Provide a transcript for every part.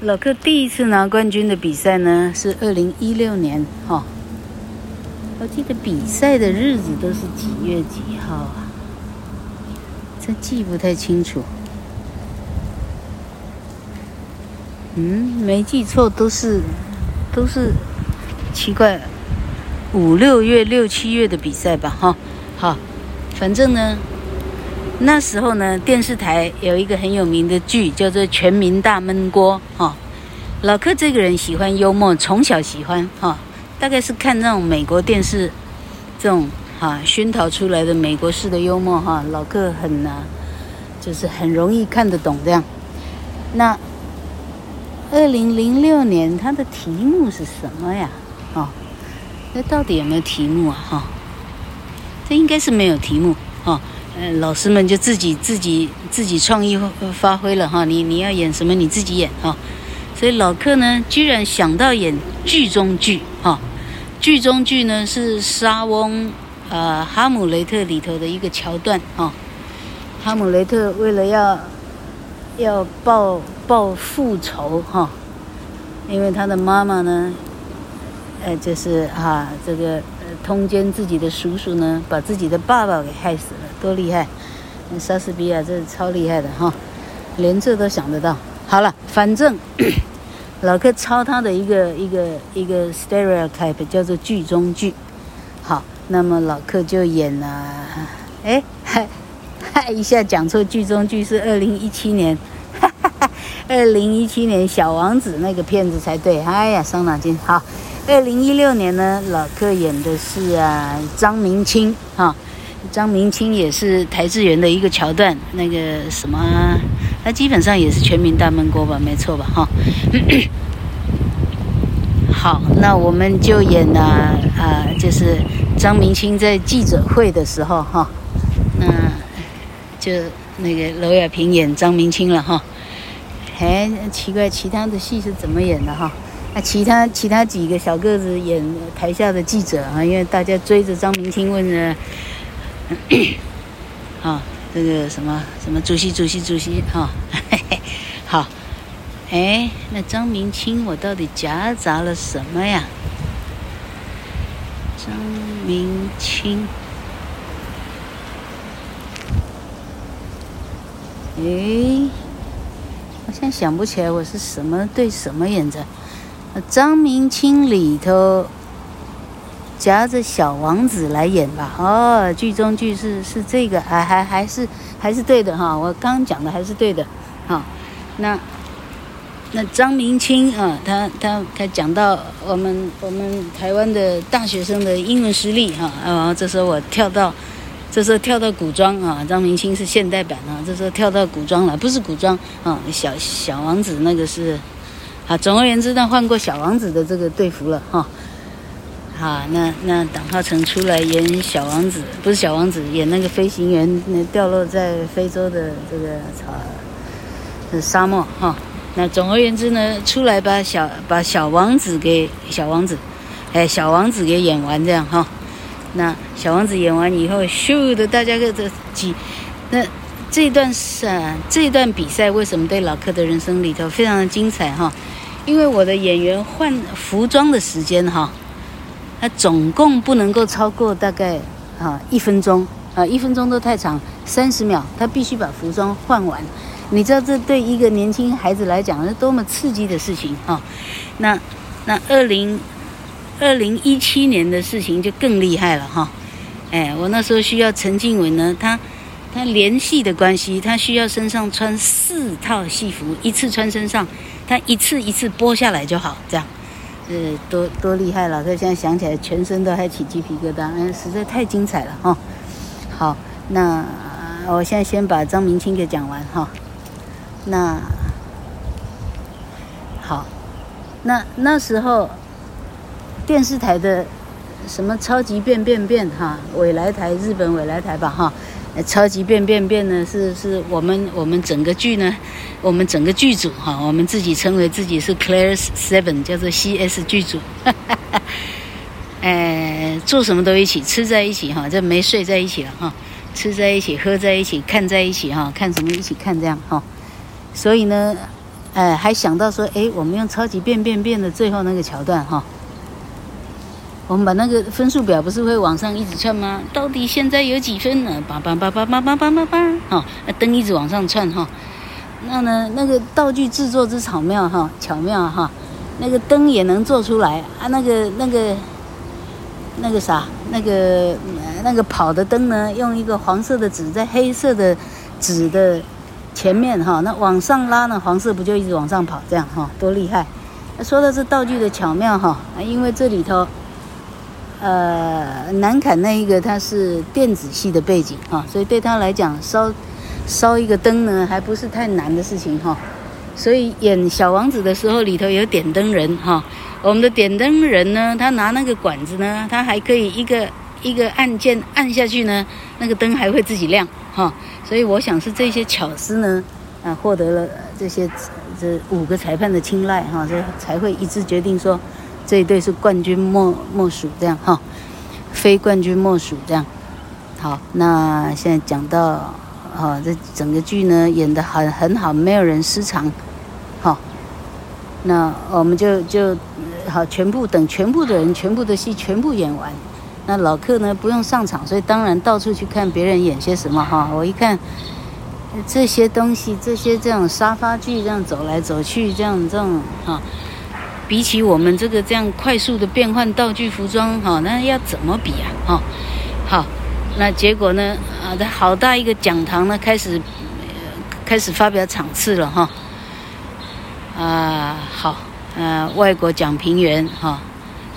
老克第一次拿冠軍的比賽呢，是二零一六年哈。哦、我記得比賽的日子都是幾月幾號啊？這記不太清楚。嗯，沒記錯都是，都是奇怪，五六月、六七月的比賽吧哈、哦。好，反正呢。那時候呢，電視台有一個很有名的劇叫做《全民大悶鍋》哈、哦。老克這個人喜歡幽默，從小喜歡哈、哦，大概是看那種美國電視，這種哈、啊、熏陶出來的美國式的幽默哈、啊，老克很啊，就是很容易看得懂這樣。那二零零六年它的題目是什麼呀？哦，那到底有沒有題目啊？哈、哦，這應該是沒有題目哦。嗯，老師們就自己自己自己創意發揮了哈，你你要演什麼你自己演哈，所以老克呢居然想到演劇中劇哈，劇中劇呢是莎翁呃《哈姆雷特》裡頭的一個橋段，哈姆雷特為了要要報報復仇哈，因為他的媽媽呢，呃就是哈，啊，這個通姦自己的叔叔呢，把自己的爸爸給害死了。多厲害！莎士比亞，這是超厲害的哈，連這都想得到。好了，反正老克抄他的一個一個一個 stereotype，叫做劇中劇。好，那麼老克就演了，哎，嗨一下講錯，劇中劇是二零一七年，二零一七年小王子那個片子才對。哎呀，傷腦筋。好，二零一六年呢，老克演的是啊張銘清哈。張銘清也是邰智源的一個橋段，那個什麼、啊，他基本上也是全民大悶鍋吧？沒錯吧？哈，好，那我們就演了啊，啊，就是張銘清在記者會的時候，哈、啊，那就那個婁亞萍演張銘清了，哈、啊，哎，奇怪，其他的戲是怎麼演的？哈、啊，那其他其他幾個小個子演台下的記者啊，因為大家追着張銘清問呢。好、 哦，這個什麼什麼主席，主席，主席，嘿、哦、好，哎，那張銘清我到底夾雜了什麼呀？張銘清，哎，我現在想不起來我是什麼對什麼演那張銘清裡頭。夾着小王子來演吧，哦，劇中劇是是這個，哎、啊，還還是還是對的哈、啊，我剛剛講的還是對的，哈、啊，那那張銘清啊，他他他講到我們我們台灣的大學生的英文實力哈、啊，啊，這時候我跳到，這時候跳到古裝啊，張銘清是現代版啊，這時候跳到古裝了，不是古裝啊，小小王子那個是，啊，總而言之，那換過小王子的這個隊服了哈。啊哈，那那黨浩成出來演小王子，不是小王子演那個飛行員，那掉落在非洲的這個草，這沙漠哈、哦。那總而言之呢，出來把小把小王子給小王子，哎，小王子給演完這樣哈、哦。那小王子演完以後，咻的，大家個這擠。那這段是、啊、這段比賽為什麼對老克的人生裡頭非常的精彩哈、哦？因為我的演員換服裝的時間哈。哦他總共不能夠超過大概啊一分鐘啊，一分鐘都太長，三十秒他必須把服裝換完。你知道這對一個年輕孩子來講是多麼刺激的事情啊、哦！那那二零二零一七年的事情就更厲害了哈、哦！哎，我那時候需要陳靜文呢，他他連戲的關係，他需要身上穿四套戲服，一次穿身上，他一次一次剝下來就好，這樣。是，嗯、多多厲害了，這現在想起來，全身都還起雞皮疙瘩，嗯，實在太精彩了哈，哦。好，那我現在先把張銘清給講完哈，哦。那好，那那時候電視台的什麼超級變變變哈，緯來台日本緯來台吧哈。哦超級變變變呢，是是我們我們整個劇呢，我們整個劇組哈，我們自己稱為自己是 Claire's Seven，叫做 CS 劇組，哈哈哈。哎，做什麼都一起，吃在一起哈，就沒睡在一起了哈，吃在一起，喝在一起，看在一起哈，看什麼一起看這樣哈。所以呢，哎、呃，還想到說，哎，我們用超級變變變的最後那個橋段哈。我們把那個分數表不是會往上一直竄嗎？到底現在有幾分呢？叭叭叭叭叭叭叭叭！哈，燈一直往上竄哈。那呢，那個道具製作之巧妙哈，巧妙哈。那個燈也能做出來啊。那個那個那個啥，那個那個跑的燈呢，用一個黃色的紙在黑色的紙的前面哈，那往上拉呢，黃色不就一直往上跑這樣哈？多厲害！說的是道具的巧妙哈，因為這裡頭。呃，南坎那一個他是電子系的背景哈、哦，所以對他來講燒燒一個燈呢，還不是太難的事情哈、哦。所以演小王子的時候，裡頭有點燈人哈、哦。我們的點燈人呢，他拿那個管子呢，他還可以一個一個按鍵按下去呢，那個燈還會自己亮哈、哦。所以我想是這些巧思呢，啊，獲得了這些這五個裁判的青睞哈，這、哦、才會一致決定說。這一隊是冠軍莫莫屬，這樣哈、哦，非冠軍莫屬，這樣。好，那現在講到，好、哦，這整個劇呢演得很很好，沒有人失常，好、哦。那我們就就好，全部等全部的人，全部的戲全部演完。那老克呢不用上場，所以當然到處去看別人演些什麼哈、哦。我一看這些東西，這些這種沙發劇這樣走來走去這樣這樣。哈。哦比起我們這個這樣快速的變換道具、服裝、哦，哈，那要怎麼比啊，哈、哦，好，那結果呢，啊，好大一個講堂呢，開始、呃、開始發表場次了，哈、哦，啊，好，呃，外國講評員，哈、哦，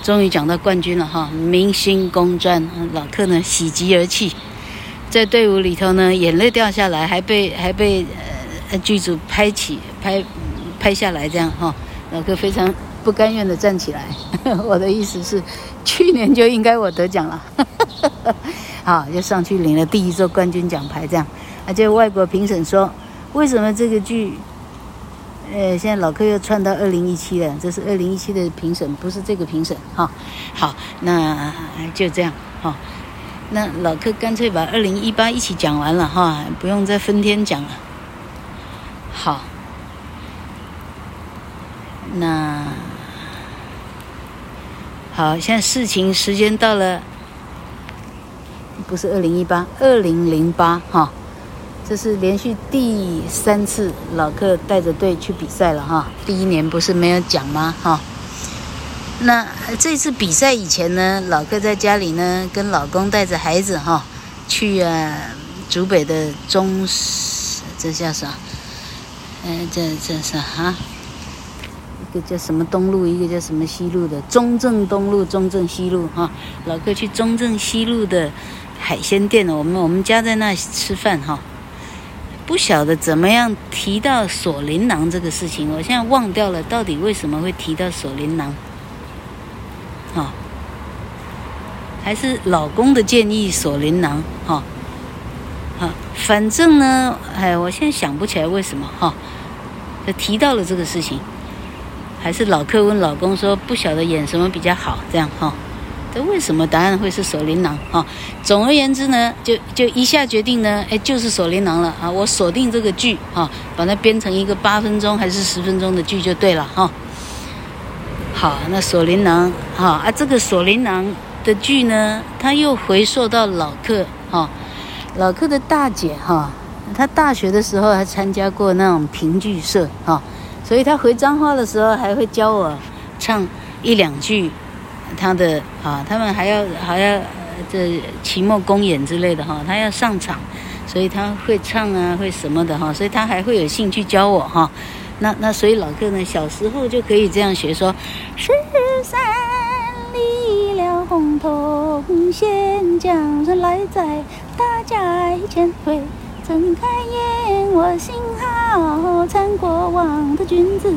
終於講到冠軍了，哈、哦，明星公專，老克呢喜極而泣，在隊伍裡頭呢，眼淚掉下來，還被還被呃劇組拍起拍拍下來，這樣哈、哦，老克非常。不甘願的站起來， 我的意思是，去年就應該我得獎了， 好，就上去領了第一座冠軍獎牌，這樣。而且外國評審說，為什麼這個劇？呃、欸，現在老克又串到二零一七了，這是二零一七的評審，不是這個評審，哈、哦。好，那就這樣，哈、哦。那老克乾脆把二零一八一起講完了，哈、哦，不用再分天講了。好，那。好，現在事情時間到了，不是二零一八，二零零八哈，這是連續第三次老克帶着隊去比賽了哈、哦。第一年不是沒有獎嗎哈、哦？那這次比賽以前呢，老克在家裡呢，跟老公帶着孩子哈、哦，去啊，竹北的中，這叫啥？呃，這這啥哈？啊一個叫什麼東路，一個叫什麼西路的，中正東路、中正西路哈、哦。老克去中正西路的海鮮店了，我們我們家在那吃飯哈、哦。不曉得怎麼樣提到鎖麟囊這個事情，我現在忘掉了到底為什麼會提到鎖麟囊。哈、哦，還是老公的建議鎖麟囊哈。哈、哦，反正呢，哎，我現在想不起來為什麼哈、哦，就提到了這個事情。還是老克問老公說不曉得演什麼比較好，這樣哈、哦，這為什麼答案會是《鎖麟囊》哈、哦？總而言之呢，就就一下決定呢，哎，就是《鎖麟囊》了啊！我鎖定這個劇哈、哦，把它編成一個八分鐘還是十分鐘的劇就對了哈、哦。好，那《鎖麟囊》哈、哦、啊，這個《鎖麟囊》的劇呢，它又回溯到老克哈、哦，老克的大姐哈、哦，她大學的時候還參加過那種評劇社哈。哦所以他回彰化的時候還會教我唱一兩句，他的啊，他們還要還要這期末公演之類的哈，他要上場，所以他會唱啊，會什麼的哈，所以他還會有興趣教我哈。那那所以老克呢，小時候就可以這樣學說：蘇三離了洪洞縣，將身來在大街前，未曾開言我心。好，參過往的君子。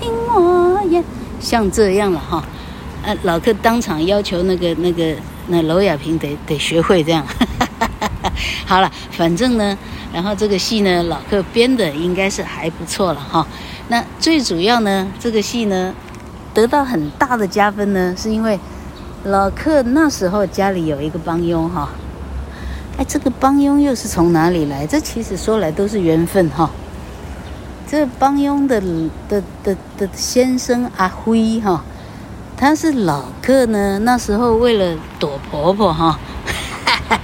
聽我演。像這樣了哈，呃，老克當場要求那個、那個、那婁雅萍得得學會這樣。 好了，反正呢，然後這個戲呢，老克編的應該是還不錯了哈。那最主要呢，這個戲呢，得到很大的加分呢，是因為老克那時候家裡有一個幫傭哈。哎，這個幫傭又是從哪裡來？這其實說來都是緣分哈。這幫傭的的的的，的先生阿輝哈、哦，他是老克呢。那時候為了躲婆婆、哦、哈，哈，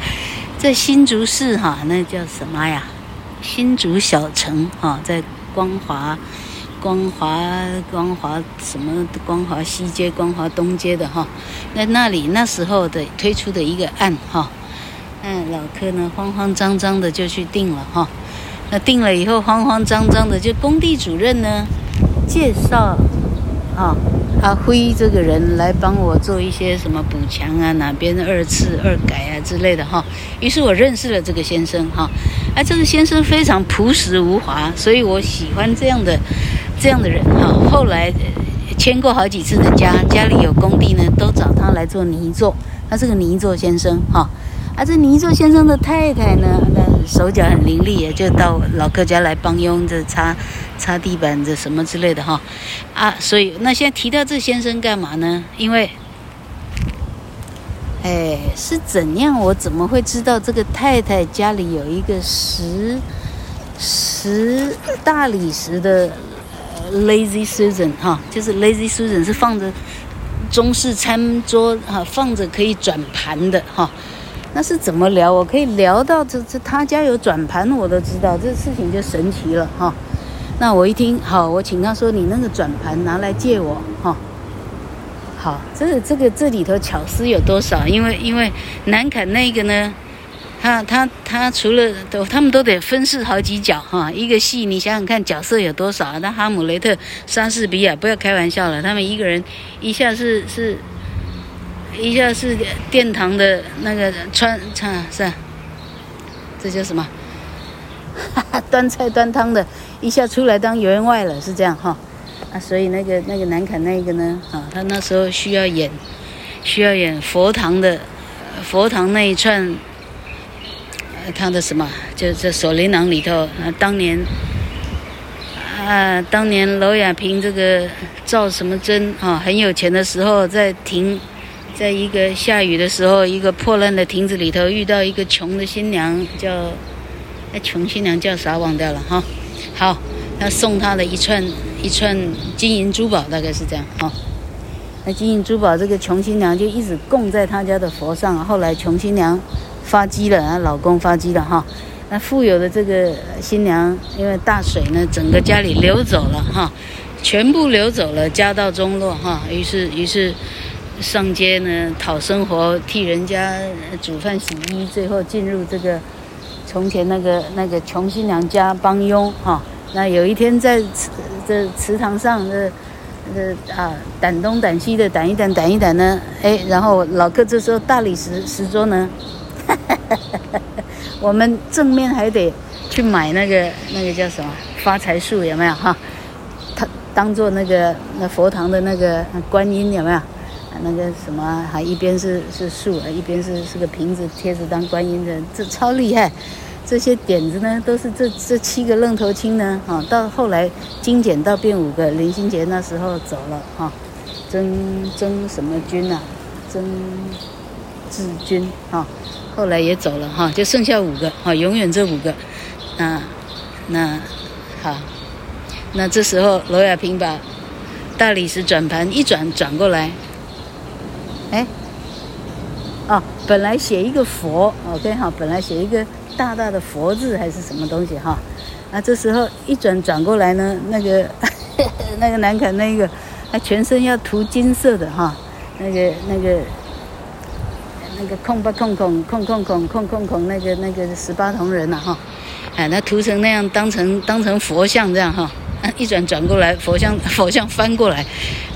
在新竹市哈、哦，那叫什麼呀？新竹小城哈、哦，在光華、光華、光華什麼光華西街、光華東街的哈。那、哦、那裡那時候的推出的一個案哈，嗯、哦，老克呢慌慌張張的就去訂了哈。哦那定了以後，慌慌張張的，就工地主任呢介紹，啊，阿輝這個人來幫我做一些什麼補牆啊、哪邊的二次二改啊之類的哈、啊。於是我認識了這個先生哈，哎，這個先生非常樸實無華，所以我喜歡這樣的這樣的人哈、啊。後來遷過好幾次的家，家裡有工地呢，都找他來做泥作。他是個泥作先生哈、啊。啊，這泥作先生的太太呢，那手腳很伶俐，也就到老客家來幫傭，這擦擦地板，這什麼之類的哈。啊，所以那現在提到這先生幹嘛呢？因為，哎，是怎樣？我怎麼會知道這個太太家裡有一個石石大理石的 lazy Susan 哈、啊？就是 lazy Susan 是放着中式餐桌哈、啊，放着可以轉盤的哈。啊那是怎麼聊？我可以聊到這這他家有轉盤，我都知道，這事情就神奇了哈、哦。那我一聽，好，我請他說你那個轉盤拿來借我哈、哦。好，這個這個這裡頭巧思有多少？因為因為南肯那個呢，他他他除了都他們都得分飾好幾角哈，一個戲你想想看角色有多少？那哈姆雷特、莎士比亞，不要開玩笑了，他們一個人一下是是。一下是殿堂的那個穿穿、啊、是、啊，這叫什麼？哈哈，端菜端湯的，一下出來當員外了，是這樣哈、哦。啊，所以那個那個南肯那個呢，啊，他那時候需要演，需要演佛堂的，呃、佛堂那一串，他、呃、的什麼？就這《鎖麟囊》裡頭，啊，當年，啊，當年婁雅萍這個趙什麼珍，啊，很有錢的時候，在亭。在一個下雨的時候，一個破爛的亭子裡頭遇到一個窮的新娘，叫那、哎、窮新娘叫啥忘掉了哈。好，他送他的一串一串金銀珠寶，大概是這樣哈。那金銀珠寶，這個窮新娘就一直供在他家的佛上。後來窮新娘發跡了，啊，老公發跡了哈。那富有的這個新娘，因為大水呢，整個家裡流走了哈，全部流走了，家道中落哈。於是，於是。上街呢，討生活，替人家煮飯洗衣，最後進入這個從前那個那個窮新娘家幫傭哈、啊。那有一天在這祠這祠堂上，呃呃，啊，撣東撣西的撣一撣撣一撣呢，哎，然後老克就說大理石石桌呢， 我們正面還得去買那個那個叫什麼發財樹有沒有哈？他、啊、當做那個那佛堂的那個觀音有沒有？那個什麼、啊，還一邊是是樹，一邊是是個瓶子貼着當觀音的，這超厲害。這些點子呢，都是這這七個愣頭青呢啊、哦。到後來精簡到變五個，林心杰那時候走了哈，曾、哦、曾什麼君吶、啊，曾志軍哈，後來也走了哈、哦，就剩下五個哈、哦，永遠這五個。那那好，那這時候羅雅萍把大理石轉盤一轉，轉過來。哎，哦，本來寫一個佛，OK 哈、哦，本來寫一個大大的佛字還是什麼東西哈、哦，啊，這時候一轉轉過來呢，那個呵呵那個難看那個，他全身要塗金色的哈、哦，那個那個那個空不空空空空空空空空那個那個十八銅人呐哈、哦，哎，那塗成那樣當成當成佛像這樣哈。哦一轉轉過來，佛像佛像翻過來，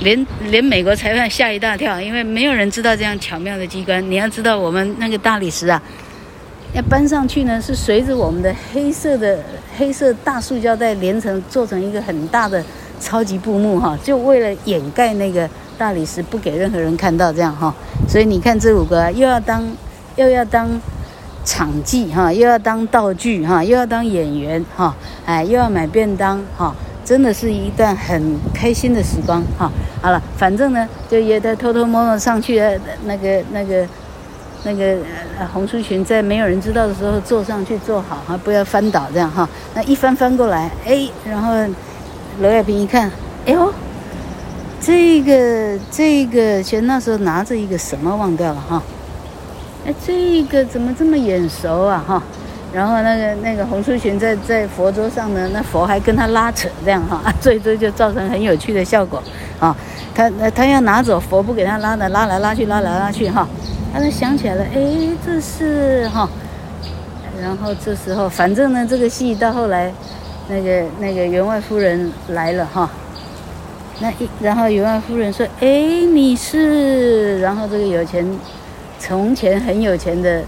連連美國裁判嚇一大跳，因為沒有人知道這樣巧妙的機關。你要知道，我們那個大理石啊，要搬上去呢，是隨着我們的黑色的黑色的大塑膠袋連成，做成一個很大的超級布幕哈、哦，就為了掩蓋那個大理石，不給任何人看到這樣哈、哦。所以你看這五個、啊、又要當又要當場記哈、哦，又要當道具哈、哦，又要當演員哈、哦，哎，又要買便當哈。哦真的是一段很開心的時光哈，好了，反正呢，就也得偷偷摸摸上去那個那個那個紅書群，在沒有人知道的時候坐上去坐好哈，不要翻倒這樣哈。那一翻翻過來，哎，然後樓亞萍一看，哎呦，這個這個，全那時候拿着一個什麼忘掉了哈，哎，這個怎麼這麼眼熟啊哈？然後那個那個洪淑群在在佛桌上呢，那佛還跟他拉扯這樣哈，這一堆就造成很有趣的效果啊。他他要拿走佛不給他拉的，拉來拉去，拉來拉去哈。他就想起來了，哎，這是哈。然後這時候反正呢，這個戲到後來，那個那個員外夫人來了哈。那一然後員外夫人說，哎，你是然後這個有錢，從前很有錢的。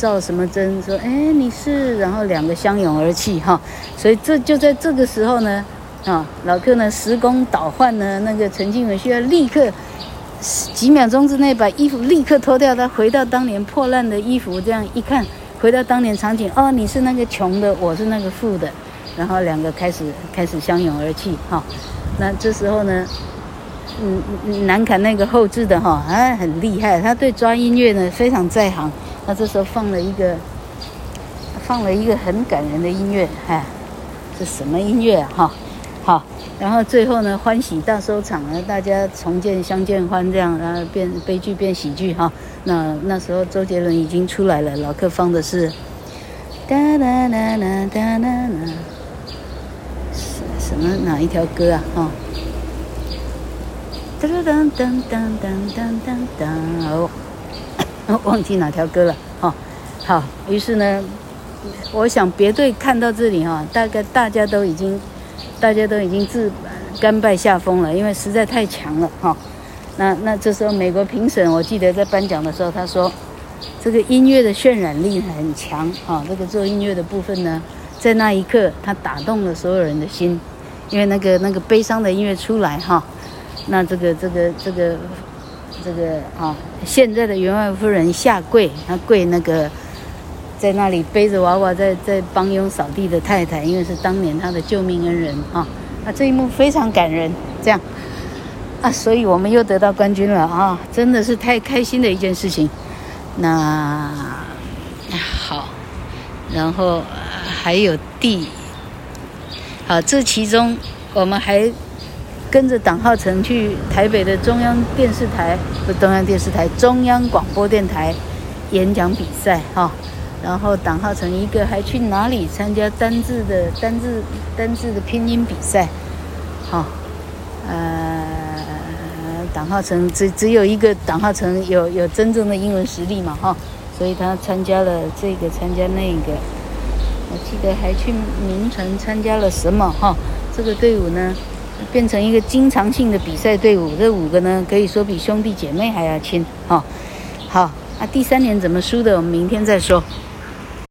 照什麼針？說哎、欸，你是，然後兩個相擁而泣哈、哦。所以這就在這個時候呢，啊、哦，老克呢時空倒換呢，那個陳靜文需要立刻幾秒鐘之內把衣服立刻脫掉，他回到當年破爛的衣服這樣一看，回到當年場景，哦，你是那個窮的，我是那個富的，然後兩個開始開始相擁而泣哈、哦。那這時候呢，嗯，南凱那個後製的哈啊，很厲害，他對抓音樂呢非常在行。他這時候放了一個，放了一個很感人的音樂，哎，這什麼音樂啊？哈，好，然後最後呢，歡喜大收場啊，大家重見相見歡，這樣啊，變悲劇變喜劇哈。那那時候周杰倫已經出來了，老克放的是，噠噠噠噠噠噠，什麼哪一條歌啊？哈，噔噔噔噔噔噔噔噔忘記哪條歌了好、哦、好，於是呢，我想別隊看到這裡哈、哦，大概大家都已經，大家都已經自甘拜下風了，因為實在太強了哈、哦。那那這時候美國評審，我記得在頒獎的時候，他說這個音樂的渲染力很強啊、哦，這個做音樂的部分呢，在那一刻他打動了所有人的心，因為那個那個悲傷的音樂出來哈、哦，那這個這個這個。這個這個啊、哦，現在的員外夫人下跪，她跪那個，在那裡背着娃娃在在幫傭掃地的太太，因為是當年她的救命恩人、哦、啊，啊這一幕非常感人，這樣啊，所以我們又得到冠軍了啊、哦，真的是太開心的一件事情。那好，然後還有地啊，這其中我們還。跟着黨浩成去台北的中央電視台，不，中央電視台中央廣播電台演講比賽哈、哦，然後黨浩成一個還去哪裡參加單字的單字單字的拼音比賽，哈、哦，呃，黨浩成只只有一個黨浩成有有真正的英文實力嘛哈、哦，所以他參加了這個參加那個，我記得還去名城參加了什麼哈、哦，這個隊伍呢？變成一個經常性的比賽隊伍，這五個呢，可以說比兄弟姐妹還要親啊、哦、好，那、啊、第三年怎麼輸的，我們明天再說。